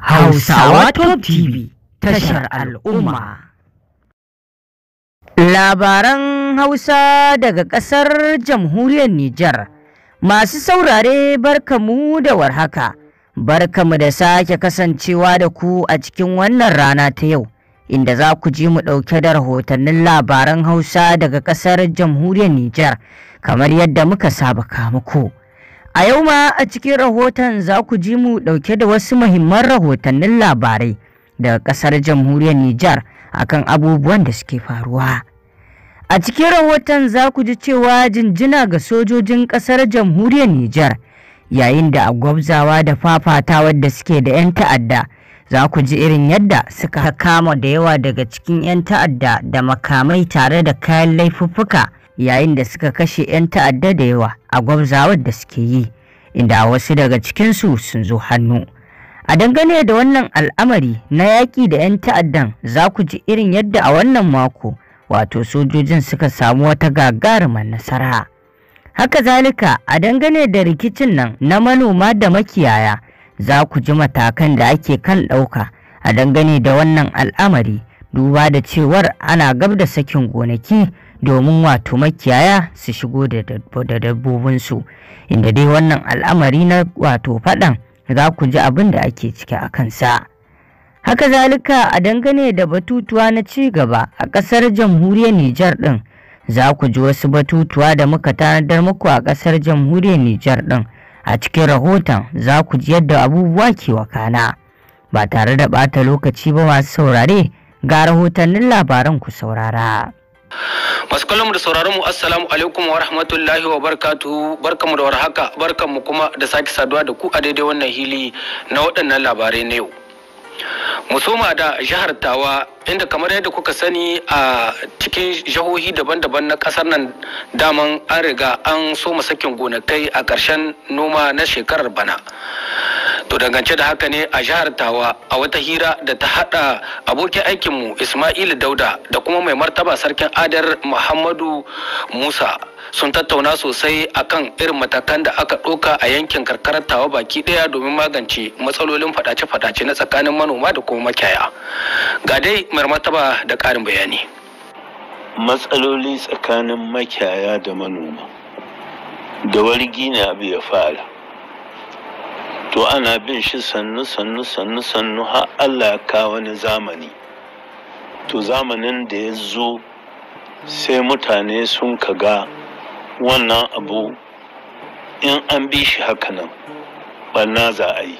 Hausawa Top TV tashar al'umma. Labaran Hausa daga ƙasar jamhuriyar Nijar. Masu saurare barkamu da warhaka, barkamu da sake kasancewa da ku a cikin wannan rana ta yau, inda za ku ji mu ɗauke da rahotannin labaran Hausa daga ƙasar jamhuriyar Nijar, kamar yadda muka saba muku. A yau ma a cikin rahoton za ku ji mu ɗauke da wasu muhimman rahotannin labarai daga ƙasar jamhuriyar Nijar akan abubuwan da suke faruwa. A cikin rahoton za ku ji cewa jinjina ga sojojin ƙasar jamhuriyar Nijar yayin da agwabzawa da fafatawa da suke da 'yan ta'adda za ku ji irin yadda suka kama da yawa daga cikin 'yan ta'adda da makamai tare da kayan laifuffuka. yayin da suka kashe 'yan ta'adda da yawa a gwamzawar da suke yi inda wasu daga cikinsu sun zo hannu a dangane da wannan al'amari na yaƙi da 'yan ta'addan za ku ji irin yadda a wannan mako wato sojojin suka samu wata gagarumar nasara haka zalika a dangane da rikicin nan na manoma da makiyaya za ku ji matakan da ake kan ɗauka a dangane da wannan al'amari duba da cewar ana gab da sakin gonaki domin wato makiyaya su shigo da dabbobinsu inda dai wannan al'amari na wato faɗan za ku ji abin da ake ciki a kansa. Haka zalika a dangane da batutuwa na ci gaba a ƙasar jamhuriyar Nijar ɗin za ku ji wasu batutuwa da muka tanadar muku a ƙasar jamhuriyar Nijar ɗin a cikin rahoton za ku ji yadda abubuwa ke wakana ba tare da ɓata lokaci ba masu saurare ga rahotannin labaran ku saurara. masu kallon mu da sauraron mu assalamu alaikum wa rahmatullahi wa barkatu! barkamu da warhaka mu kuma da sake saduwa da ku a daidai wannan hili na waɗannan labarai na yau musoma da jihar tawa inda kamar yadda kuka sani a cikin jihohi daban-daban na kasar nan daman an riga an soma sakin gonakai a ƙarshen noma na shekarar bana to dangance da haka ne a jihar tawa a wata hira da ta hada abokin aikinmu ismail dauda da kuma mai martaba sarkin adar muhammadu musa sun tattauna sosai akan irin matakan da aka ɗauka a yankin karkarar tawa baki ɗaya domin magance matsalolin fadace-fadace na tsakanin manoma da kuma makiyaya ga dai mai martaba da ƙarin bayani matsaloli tsakanin makiyaya da manoma da wargi na abu ya fara to ana bin shi sannu sannu sannu sannu har allah ya kawo wani zamani to zamanin da ya zo sai mutane sun kaga wannan abu in an bi shi hakanan ɓanna za a yi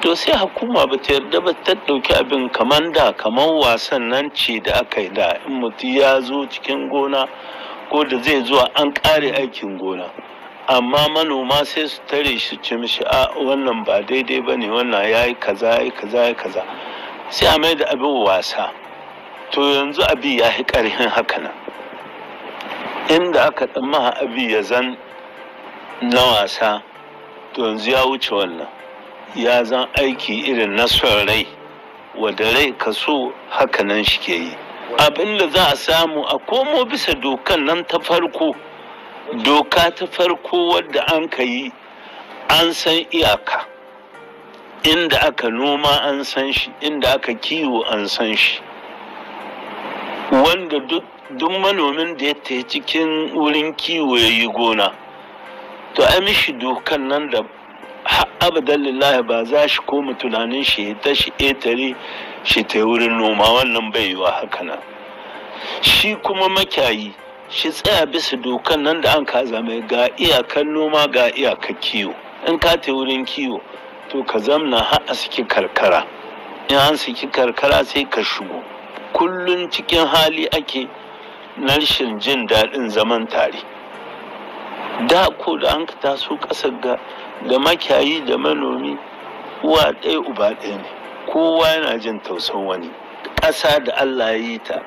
to sai hukuma ba ta yarda ba ta ɗauki abin kamar da kamar wasan nan ce da aka yi da in mutum ya zo cikin gona ko da zai zuwa an ƙare aikin gona amma manoma sai su tare shi ci mishi a wannan ba daidai ba ne wannan ya yi kaza ya yi kaza ya kaza sai a mai da abin wasa to yanzu abi ya yi ƙarfin haka nan inda aka ɗan maha abi ya zan na wasa to yanzu ya wuce wannan ya zan aiki irin na son rai wadda rai ka so hakanan shi ke yi abin da za a samu a komo bisa dokan nan ta farko doka ta farko wadda an ka yi an san iyaka inda aka noma an san shi inda aka kiwo an san shi wanda duk manomin da ya tafi cikin wurin kiwo ya yi gona to an mishi dokan nan da abdallillahi ba za shi koma tunanin shi ya ta shi etare shi ta yi wurin noma wannan bai yiwa haka nan shi kuma makyayi shi tsaya bisa dokan nan da an kaza mai ga iyakan noma ga iyakan kiwo in ka ta wurin kiwo to ka zamna har a saki karkara in an saki karkara sai ka shigo kullum cikin hali ake na rashin jin daɗin zaman tare da ko da an ka taso ƙasar ga da makiyayi da manomi uwa ɗaya uba ɗaya ne kowa yana jin tausan wani ƙasa da allah ya yi ta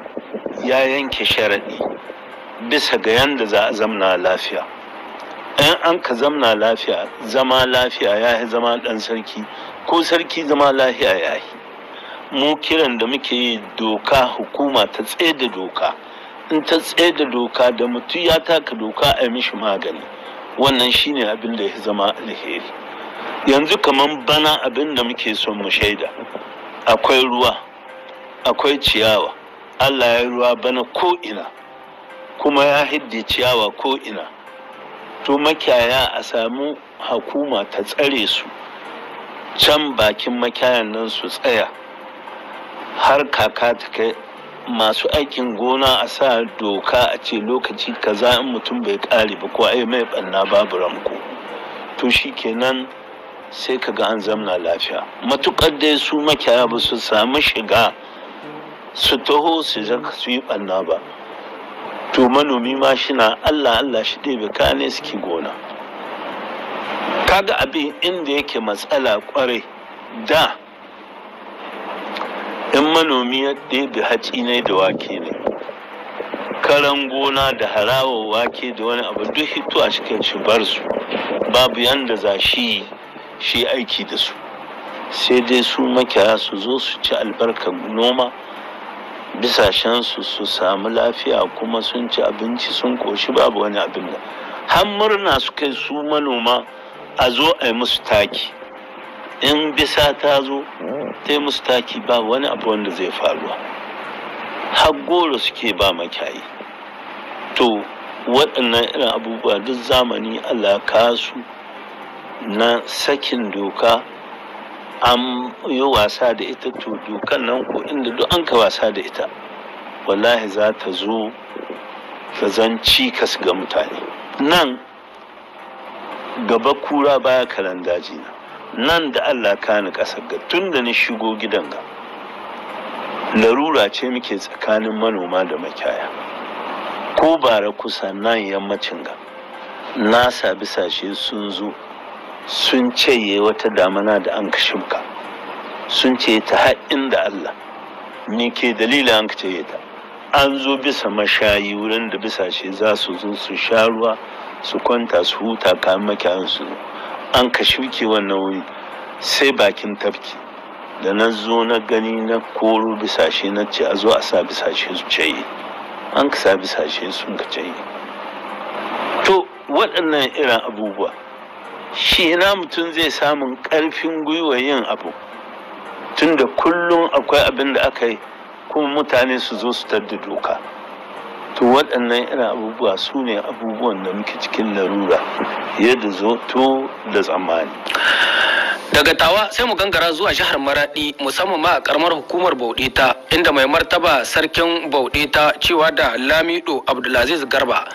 ya yanke sharaɗi bisa ga yadda za a zamna lafiya in an ka zamna lafiya zama lafiya ya yi zama ɗan sarki ko sarki zama lafiya ya yi mu kiran da muke yi doka hukuma ta tsaye da doka in ta tsaye da doka da mutum ya taka doka a mishi magani wannan shine abin da ya zama alheri yanzu kamar bana abin da muke son mu shaida akwai ruwa akwai ciyawa allah ya ruwa bana ko'ina. kuma ya hidde ciyawa ko ina to makiyaya a samu hakuma ta tsare su can bakin makiyayan nan su tsaya har kaka ta kai masu aikin gona a sa doka a ce lokaci kaza in mutum bai kare ba ko ai mai banna babu ramko to shikenan sai ka ga an zamna lafiya matukar dai su makiyaya ba su samu shiga su taho su yi banna ba to manomi ma shi na allah allah shi ɗebe ne suke gona kaga abin inda yake matsala kwarai da in manomi ya ɗebe haci ne da wake ne karan gona da harawa wake da wani abu duk hito a cikin shi bar su babu yanda za shi shi aiki da su sai dai su makiya su zo su ci albarkar noma bisashensu su samu lafiya kuma sun ci abinci sun koshi babu wani abin da har murna su kai su manoma a zo a yi musu taki in bisa ta zo ta yi musu taki ba wani abu wanda zai faruwa har goro suke ba makiyayi to waɗannan irin abubuwa duk zamani Allah kasu na sakin doka an yi wasa da ita to dokan nan ko inda duk an ka wasa da ita wallahi za ta zo ka zan cikas ga mutane nan gaba kura baya karan daji na nan da allah kani kasar ga tun da ni shigo gidan ga larura ce muke tsakanin manoma da makiyaya ko bara kusa nan yammacin ga na sabi sun zo sun ce wata damana da an shimka sun ce ta haɗin da Allah ni ke dalilin an kace ta an zo bisa mashayi wurin da bisashe za su zo su sha ruwa su kwanta su huta kamar makiyan su an ka shuke wannan wuri sai bakin tafki da na zo na gani na koro bisashe na ce a zo a sa bisashe su ce an kasa bisa bisashe sun kace ce to waɗannan irin abubuwa shi ina mutum zai samun ƙarfin gwiwa yin abu tunda kullum akwai abin da aka yi kuma mutane su zo su tar da doka to waɗannan irin abubuwa su ne abubuwan da muke cikin larura yadda zo to da tsammani Daga tawa sai mu gangara zuwa jihar Maradi musamman ma a karamar hukumar bauɗeta inda mai martaba sarkin bauɗeta cewa da Lamido Abdulaziz Garba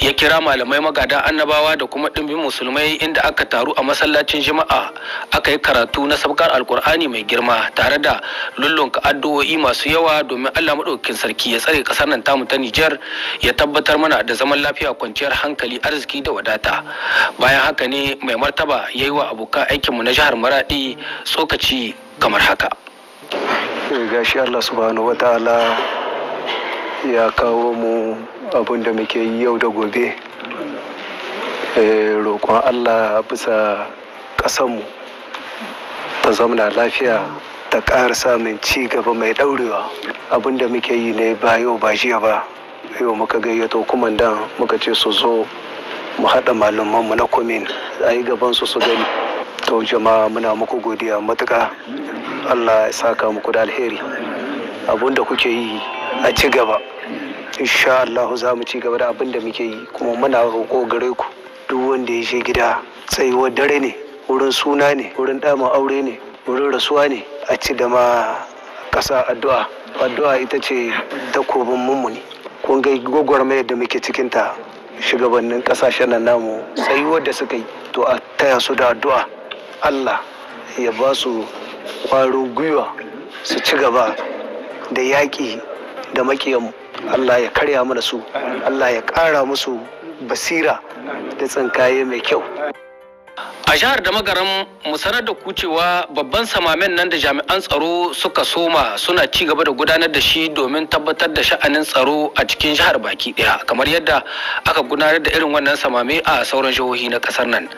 ya kira malamai magada annabawa da kuma ɗimbin musulmai inda aka taru a masallacin jima'a aka yi karatu na sabkar Alkur'ani mai girma tare da lullunka addu'o'i masu yawa domin Allah madaukakin sarki ya tsare ƙasar nan tamu ta Nijar ya tabbatar mana da zaman lafiya kwanciyar hankali arziki da wadata. Bayan haka ne mai martaba ya yi wa abokan aikinmu na na jihar maradi tsokaci kamar haka eh, gashi allah subhanahu wa ta'ala ya kawo mu abin da muke yi yau da gobe eh, roƙon allah bisa ƙasanmu ta zamana lafiya ta ƙara samun ci gaba mai ɗaurewa abin da muke yi ne ba yau ba jiya ba yau muka gayyato kumandan muka ce su zo mu haɗa malamanmu na komin. a yi gabansu su gani to jama'a muna muku godiya matuka. allah ya saka muku da alheri abun da kuke yi a ci gaba insha allah za mu ci gaba da abin da muke yi kuma muna roƙo gare ku duk wanda ya je gida tsayuwar dare ne wurin suna ne wurin dama aure ne wurin rasuwa ne a ci da ma ƙasa addu'a addu'a ita ce ta takobin mummuni kun ga gwagwarmayar da muke cikinta shugabannin kasashen nan namu tsayuwar da suka yi to a taya su da addu'a allah ya ba su kwaro gwiwa su ci gaba da yaƙi da makiyan allah ya karya mana su allah ya ƙara musu basira da tsinkaye mai kyau a jihar da magaram mu sanar da kucewa babban samamen nan da jami'an tsaro suka soma suna ci gaba da gudanar da shi domin tabbatar da sha'anin tsaro a cikin jihar baki daya kamar yadda aka gudanar da irin wannan samame a sauran jihohi na kasar nan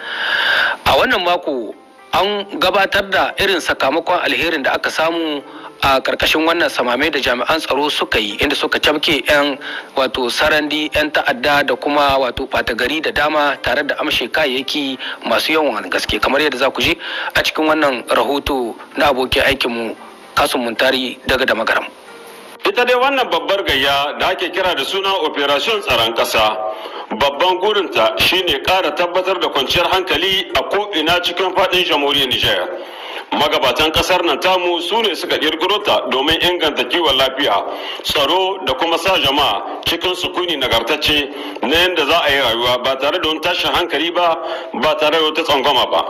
a wannan mako an gabatar da irin sakamakon alherin da aka samu a karkashin wannan samame da jami'an tsaro suka yi inda suka camke 'yan wato sarandi 'yan ta'adda da kuma wato gari da dama tare da amshe kayayyaki masu yawan gaske kamar yadda za ku ji a cikin wannan rahoto na abokin aikinmu kasu muntari daga da magaram. ita dai wannan babbar gayya da ake kira da suna operation tsaron ƙasa babban gurinta shine ƙara tabbatar da kwanciyar hankali a ko'ina cikin faɗin jamhuriyar nijar magabatan ƙasar nan tamu su ne suka ƙirƙiro ta domin inganta kiwon lafiya tsaro da kuma sa jama'a cikin sukuni nagartacce na yadda za a yi rayuwa ba tare da wani tashin hankali ba ba tare da wata tsangwama ba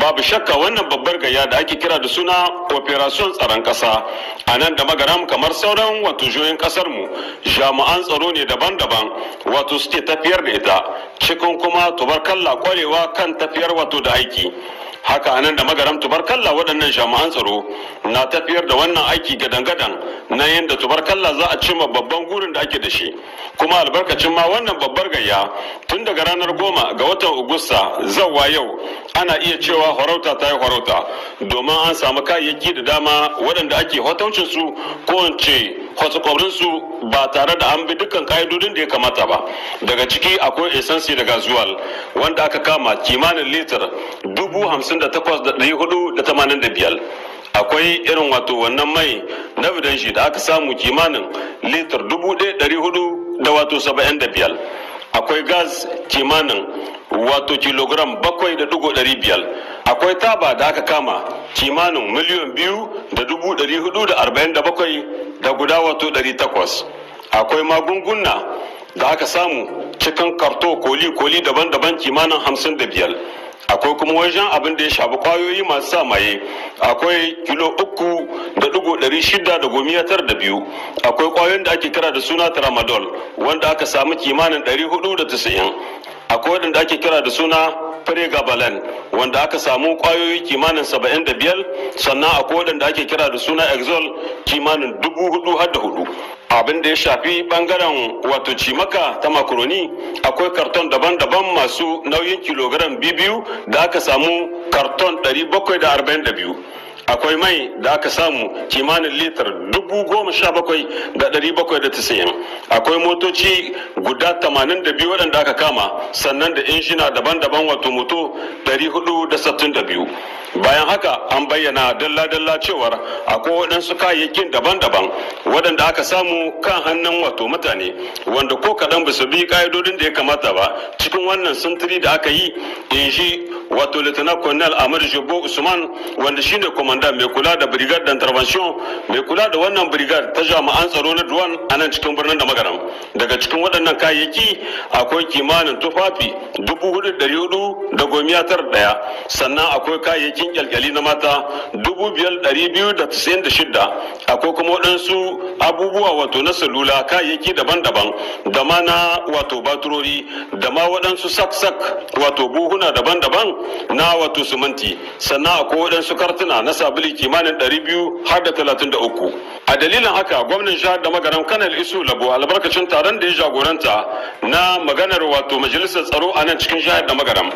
babu shakka wannan babbar gayya da ake kira da suna operation tsaron kasa a nan da magaram kamar sauran wato joyin kasar mu jami'an tsaro ne daban-daban wato suke tafiyar da ita cikin kuma tubarkalla kwarewa kan tafiyar wato da aiki haka anan da magaram tubarkalla waɗannan jami'an tsaro na tafiyar da wannan aiki gadan-gadan na yadda tubarkalla za a cima babban gurin da ake da shi kuma albarkacin ma wannan babbar gayya tun daga ranar goma ga watan Agusta zawa yau ana iya cewa harauta ta yi farauta domin an samu kayayyaki da dama waɗanda ake hotaucin su ko in su ba tare da an bi dukkan ka'idodin da ya kamata ba daga ciki akwai esansi daga zuwal wanda aka kama kimanin litar dubu hamsin da takwas da ɗari hudu da tamanin da biyar akwai irin wato wannan mai na shi da aka samu kimanin litar dubu ɗaya ɗari hudu da wato saba'in da biyar akwai gas kimanin wato kilogram bakwai da dugo dari biyar akwai taba da aka kama kimanin miliyan biyu da dubu dari hudu da arba'in da bakwai da guda wato dari takwas akwai magunguna da aka samu cikin karto koli-koli daban-daban kimanin hamsin da biyar akwai kuma wajen abin da ya shafi kwayoyi masu sa maye akwai kilo uku da dugo dari shida da gomi tar da biyu akwai kwayoyin da ake kira da suna tramadol wanda aka samu kimanin dari hudu da tisa'in akwai wadanda ake kira da suna pregabalin wanda aka samu kwayoyi kimanin 75 sannan akwai wadanda ake kira da suna exol kimanin dubu har da abin da ya shafi bangaren wato cimaka ta makaroni akwai karton daban-daban masu nauyin kilogram biyu da aka samu karton 742 akwai mai da aka samu kimanin litar dubu goma sha bakwai da ɗari bakwai da tisa'in akwai motoci guda tamanin da biyu waɗanda aka kama sannan da injina daban-daban wato moto ɗari hudu da sattin da biyu bayan haka an bayyana dalla-dalla cewar akwai waɗansu kayayyakin daban-daban waɗanda aka samu kan hannun wato mutane wanda ko kaɗan ba su bi ƙa'idodin da ya kamata ba cikin wannan sintiri da aka yi in shi wato lieutenant colonel ahmad jobo usman wanda shine komanda mai kula da brigade d'intervention mai kula da wannan brigade ta jami'an tsaro na duwan a nan cikin birnin da magana daga cikin waɗannan kayayyaki akwai kimanin tufafi dubu hudu da gomiya tara ɗaya sannan akwai kayayyaki cikin gyalgyali na mata 5,296 akwai kuma waɗansu abubuwa wato na salula kayayyaki daban-daban da ma na wato baturori da ma waɗansu sak-sak wato buhuna daban-daban na wato suminti sannan akwai waɗansu kartuna na sabili kimanin 200 har da 33 a dalilin haka gwamnan jihar da magaran kanal isu labo albarkacin taron da ya jagoranta na maganar wato majalisar tsaro a nan cikin jihar da magaram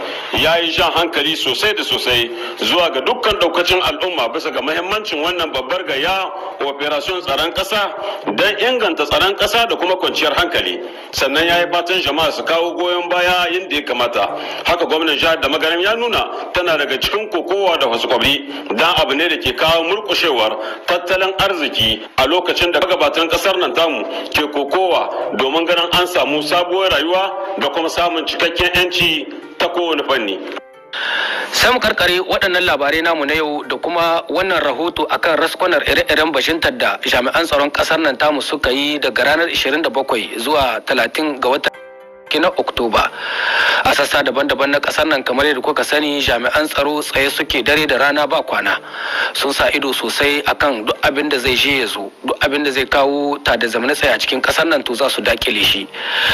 ya yi jan hankali sosai da sosai zuwa ga dukkan daukacin al'umma bisa ga mahimmancin wannan babbar gaya operation tsaron kasa don inganta tsaron kasa da kuma kwanciyar hankali sannan ya yi batun jama'a su kawo goyon baya inda ya kamata haka gwamnan jihar da magaram ya nuna tana daga cikin kokowa da wasu kwabri don abu ne da ke kawo murkushewar tattalin arziki a lokacin da gabatan kasar nan tamu ke kokowa domin ganin an samu sabuwar rayuwa da kuma samun cikakken 'yanci ta kowane fanni. sai mu karkare waɗannan labarai namu na yau da kuma wannan rahoto akan raskwanar ire-iren bashintar da jami'an tsaron ƙasar nan tamu suka yi daga ranar 27 zuwa 30 ga watan na oktoba a sassa daban-daban na kasar nan kamar yadda kuka sani jami'an tsaro tsaye suke dare da rana ba kwana sun sa ido sosai akan duk abin da zai je ya zo duk abin da zai kawo ta da zamani tsaye a cikin kasar nan to za su dakile shi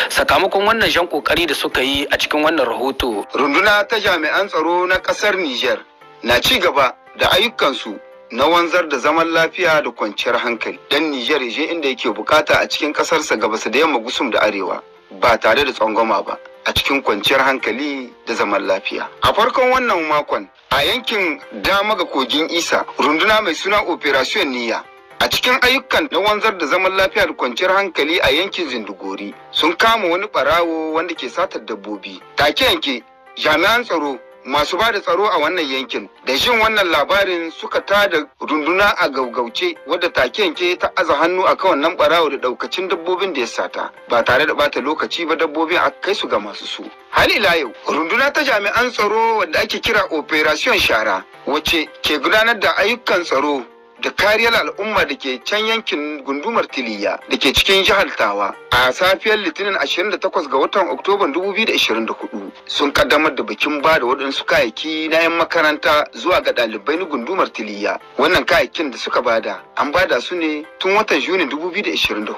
sakamakon wannan jan kokari da suka yi a cikin wannan rahoto runduna ta jami'an tsaro na ƙasar niger na ci gaba da ayyukansu na wanzar da zaman lafiya da kwanciyar hankali dan Nijar je inda yake bukata a cikin kasarsa gabas da yamma gusum da arewa ba tare da tsangwama ba a cikin kwanciyar hankali da zaman lafiya. A farkon wannan makon a yankin dama ga kogin Isa runduna mai suna Operation niya a cikin ayyukan na wanzar da zaman lafiya da kwanciyar hankali a yankin zindigori sun kama wani barawo wanda ke satar dabbobi. Take yanke jami'an tsaro masu ba da tsaro a wannan yankin da shin wannan labarin suka ta da runduna a gaugauce wadda take yanke ta aza hannu a wannan nan barawo da daukacin dabbobin da ya sata ba tare da bata lokaci ba dabbobin a kai su ga masu su har ila yau runduna ta jami'an tsaro wadda ake kira operation shara wacce ke gudanar da ayyukan tsaro da kariyar al'umma da ke can yankin gundumar Tiliya da ke cikin jihar Tawa a safiyar Litinin 28 ga watan Oktoba 2024 sun kaddamar da bikin ba da waɗansu kayayyaki na 'yan makaranta zuwa ga ɗalibai na gundumar Tiliya. Wannan kayayyakin da suka bada an bada su ne tun watan Juni 2024.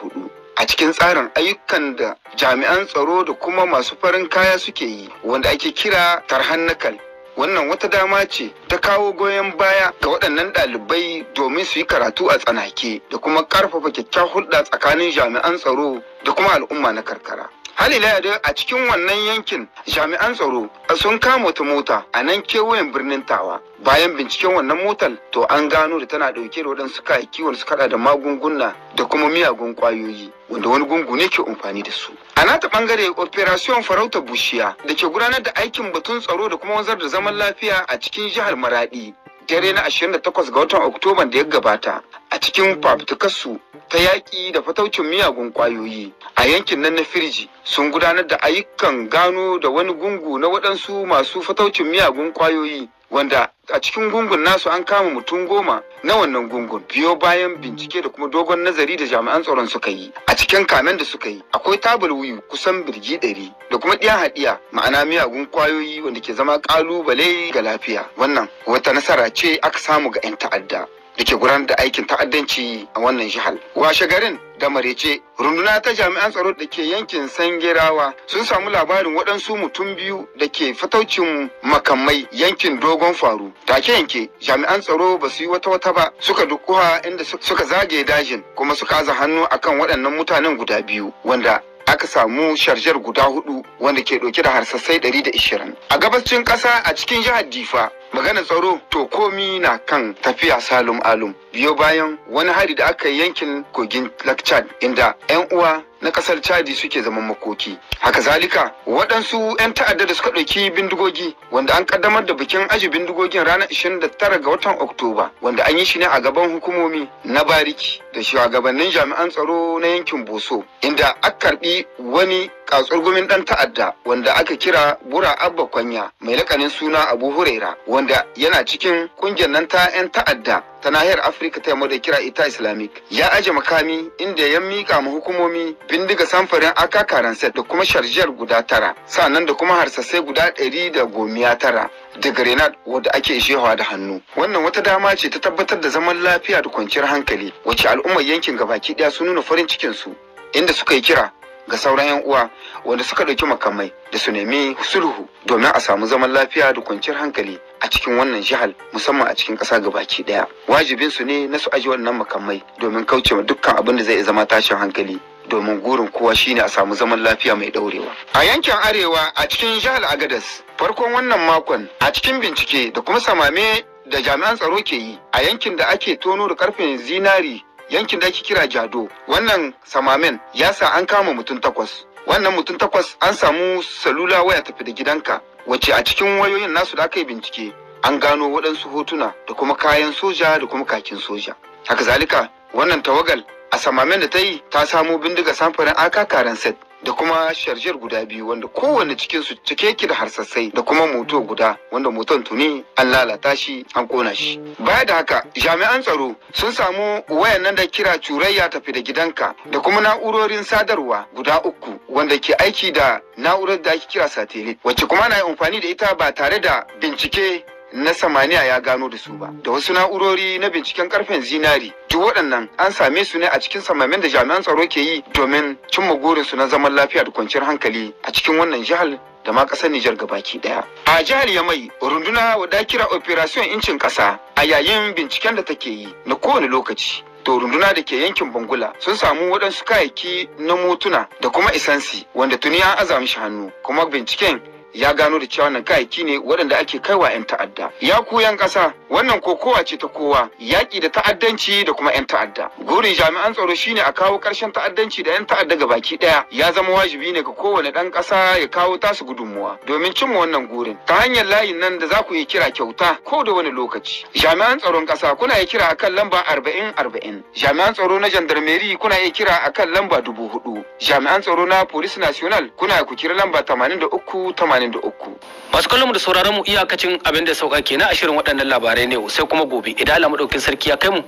a cikin tsarin ayyukan da jami'an tsaro da kuma masu farin kaya suke yi wanda ake kira tarhan nakal wannan wata dama ce ta kawo goyon baya ga waɗannan ɗalibai domin su yi karatu a tsanake da kuma ƙarfafa kyakkyawar hulɗa tsakanin jami'an tsaro da kuma al'umma na karkara. Halila da a cikin wannan yankin jami'an tsaro sun kama wata mota a nan kewayen birnin Tawa. Bayan binciken wannan motar to an gano da tana ɗauke da waɗansu kayayyaki wanda suka da magunguna da kuma miyagun ƙwayoyi wanda wani gungu ne ke amfani da su. A nata bangare Operation Farauta Bushiya da ke gudanar da aikin batun tsaro da kuma wanzar da zaman lafiya a cikin jihar Maradi. Dare na 28 ga watan Oktoba da ya gabata a cikin fafutukarsu ta yaƙi da fataucin miyagun ƙwayoyi a yankin nan na Firji sun gudanar da ayyukan gano da wani gungu na waɗansu masu fataucin miyagun ƙwayoyi wanda a cikin gungun nasu an kama mutum goma na wannan gungun biyo bayan bincike da kuma dogon nazari da jami'an tsaron suka yi a cikin kamen da suka yi akwai tabul wuyu kusan birgi ɗari da kuma ɗiya haɗiya ma'ana miyagun kwayoyi wanda ke zama ƙalubale ga lafiya wannan wata nasara ce aka samu ga 'yan ta'adda da ke gudanar da aikin ta'addanci a wannan jihar. Washe garin da marece runduna ta jami'an tsaro da ke yankin sangirawa sun samu labarin waɗansu mutum biyu da ke fataucin makamai yankin dogon faru take yanke jami'an tsaro ba su yi wata wata ba suka kuwa inda suka zage dajin kuma suka aza hannu akan waɗannan mutanen guda biyu wanda aka samu sharjar guda hudu wanda ke dauke da harsassai 120 a gabascin kasa a cikin jihar difa magana tsaro to komi na kan tafiya salum alum biyo bayan wani hari da aka yi yankin kogin lakchad inda 'yan uwa na kasar chadi suke zaman makoki haka zalika waɗansu 'yan ta'adda da suka ɗauki bindigogi wanda an kaddamar da bikin aji bindigogin ranar 29 ga watan oktoba wanda an yi shi ne a gaban hukumomi na bariki da shugabannin jami'an tsaro na yankin boso inda aka karɓi wani katsurgumin ɗan ta'adda wanda aka kira bura abba kwanya mai lakanin suna abu huraira wanda yana cikin ƙungiyar nan ta 'yan ta'adda ta nahiyar afirka ta yamma da kira ita islamic ya aje makami inda ya miƙa ma hukumomi bindiga samfarin aka karanset da kuma sharjiyar guda tara sannan da kuma harsasai guda ɗari da gomiya tara da grenade wadda ake shewa da hannu wannan wata dama ce ta tabbatar da zaman lafiya da kwanciyar hankali wacce al'ummar yankin gabaki ɗaya su nuna farin cikinsu, inda suka yi kira ga sauran 'yan uwa wanda suka ɗauki makamai da su nemi sulhu domin a samu zaman lafiya da kwanciyar hankali a cikin wannan jihar musamman a cikin ƙasa gabaki ɗaya wajibin su ne na su aji wannan makamai domin kauce kaucewa dukkan abin da zai zama tashin hankali domin gurin kowa shine a samu zaman lafiya mai ɗaurewa a yankin arewa a cikin jihar agadas farkon wannan makon a cikin bincike da kuma samame da jami'an tsaro ke yi a yankin da ake tono da karfin zinari yankin da ake kira jado wannan samamen ya sa an kama mutum takwas wannan mutum takwas an samu salula waya tafi da gidanka wacce a cikin wayoyin nasu da aka yi bincike an gano waɗansu hotuna da kuma kayan soja da kuma kakin soja haka zalika wannan tawagal a samamen da ta yi ta samo bindiga samfurin aka karen set da kuma sharjiyar guda biyu wanda kowane cikin su cike ki da harsassai da kuma moto guda wanda moton tuni an lalata shi an kona shi baya da haka jami'an tsaro sun samu wayannan da kira curayya tafi da gidanka da kuma na'urorin sadarwa guda uku wanda ke aiki da na'urar da ake kira satellite wacce kuma na amfani da ita ba tare da bincike na samaniya ya gano da su ba da wasu na'urori na binciken karfen zinari duk waɗannan an same su ne a cikin samamin da jami'an tsaro ke yi domin cimma su na zaman lafiya da kwanciyar hankali a cikin wannan jihar da ma ƙasar Nijar gabaki ɗaya. A jihar Yamai, runduna wadda kira Operation Incin Ƙasa a yayin binciken da take yi na kowane lokaci. To runduna da ke yankin Bangula sun samu waɗansu kayayyaki na motuna da kuma isansi wanda tuni an azamishi hannu kuma binciken ya gano da cewa wannan kayayyaki ne waɗanda ake kaiwa 'yan ta'adda ya ku 'yan ƙasa wannan kokowa ce ta kowa yaƙi da ta'addanci da kuma 'yan ta'adda gurin jami'an tsaro shine a kawo ƙarshen ta'addanci da 'yan ta'adda ga baki ɗaya ya zama wajibi ne ga kowane ɗan ƙasa ya kawo tasu gudunmuwa domin cimma wannan gurin ta hanyar layin nan da za ku yi kira kyauta ko da wani lokaci jami'an tsaron ƙasa kuna yi kira akan lamba arba'in arba'in jami'an tsaro na jandarmeri kuna iya kira akan lamba dubu hudu jami'an tsaro na police national kuna ku kira lamba 83 da uku. Masu kallon mu da sauraron mu iyakacin abin da sauka kenan a shirin waɗannan labarai ne sai kuma gobe idan Allah madaukin sarki ya kai mu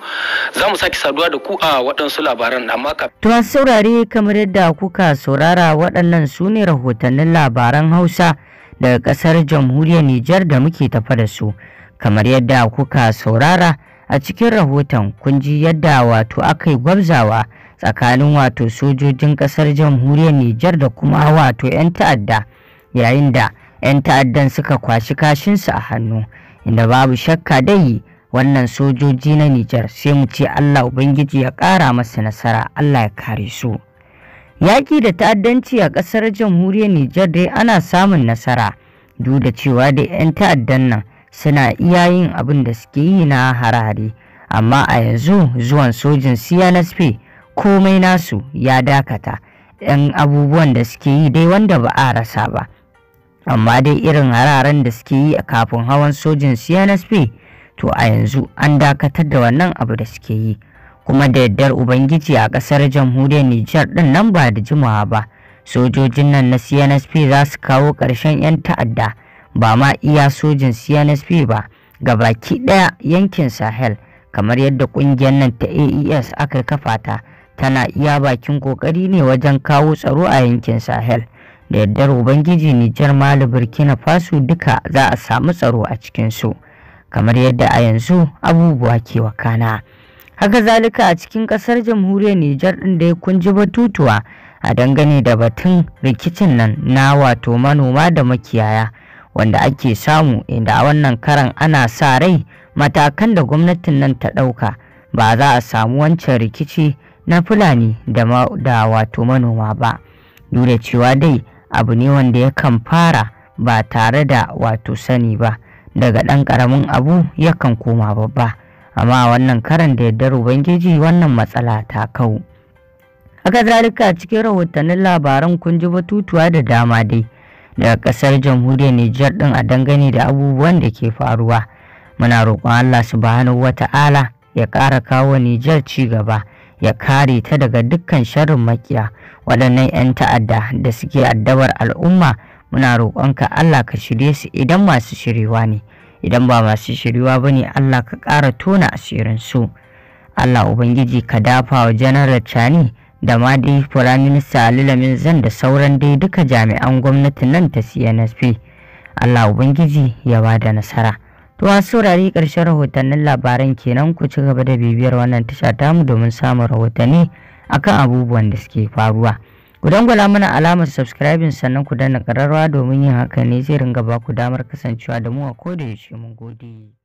za mu sake saduwa da ku a waɗansu labaran amma ka. To masu saurare kamar yadda kuka saurara waɗannan su ne rahotannin labaran Hausa daga ƙasar jamhuriyar Nijar da muke tafa da su. Kamar yadda kuka saurara a cikin rahoton kun ji yadda wato aka yi gwabzawa tsakanin wato sojojin kasar jamhuriyar Nijar da kuma wato 'yan ta'adda yayin da 'yan ta'addan suka kwashi kashinsu a hannu inda babu shakka dai wannan sojoji na Nijar sai mu ce Allah Ubangiji ya ƙara masa nasara Allah ya kare su. Yaƙi da ta'addanci a ƙasar jamhuriyar Nijar dai ana samun nasara duk da cewa da 'yan ta'addan nan suna iya yin abin da suke yi na harare amma a yanzu zuwan sojin CNSP komai nasu ya dakata 'yan abubuwan da suke yi dai wanda ba a rasa ba. amma dai irin hararen da suke yi a kafin hawan sojin cnsp to a yanzu an dakatar da wannan abu da suke yi kuma da yardar ubangiji a kasar jamhuriyar nijar din nan ba da jimawa ba sojojin nan na cnsp za su kawo ƙarshen 'yan ta'adda ba ma iya sojin cnsp ba ga baki ɗaya yankin sahel kamar yadda ƙungiyar nan ta aes aka kafa ta tana iya bakin ƙoƙari ne wajen kawo tsaro a yankin sahel da yardar ubangiji nijar mali burkina faso duka za a samu tsaro a cikinsu kamar yadda a yanzu abubuwa ke wakana haka zalika a cikin kasar jamhuriyar nijar din da ya kunji batutuwa a dangane da batun rikicin nan na wato manoma da makiyaya wanda ake samu inda a wannan karan ana sa rai matakan da gwamnatin nan ta ɗauka ba za a samu wancan rikici na fulani da wato manoma ba duk cewa dai abu ne wanda yakan fara ba tare da wato sani ba daga ɗan ƙaramin abu yakan koma babba amma wannan karan da yardar ubangiji wannan matsala ta kau haka zalika cikin rahotannin labaran kun ji batutuwa da dama dai daga ƙasar jamhuriyar nijar ɗin a dangane da abubuwan da ke faruwa muna roƙon allah subhanahu wata'ala ya ƙara kawo nijar ci gaba ya kare ta daga dukkan sharrin makiya waɗannan 'yan ta'adda da suke addabar al'umma muna roƙonka Allah ka shirye su idan masu shirewa ne idan ba masu shirewa ba ne Allah ka ƙara tona asirin su Allah Ubangiji ka dafa wa janaral Chani da ma dai Firaminista Ali Zan da sauran dai duka jami'an gwamnati nan ta CNSP Allah Ubangiji ya ba da nasara. To a saurari ƙarshen rahotannin labaran kenan ku ci gaba da bibiyar wannan tasha mu domin samun rahotanni akan abubuwan da suke faruwa. Ku dangwala mana alamar subscribing sannan ku danna ƙararrawa domin yin haka ne zai ringa ba ku damar kasancewa da mu a koda yaushe mun gode.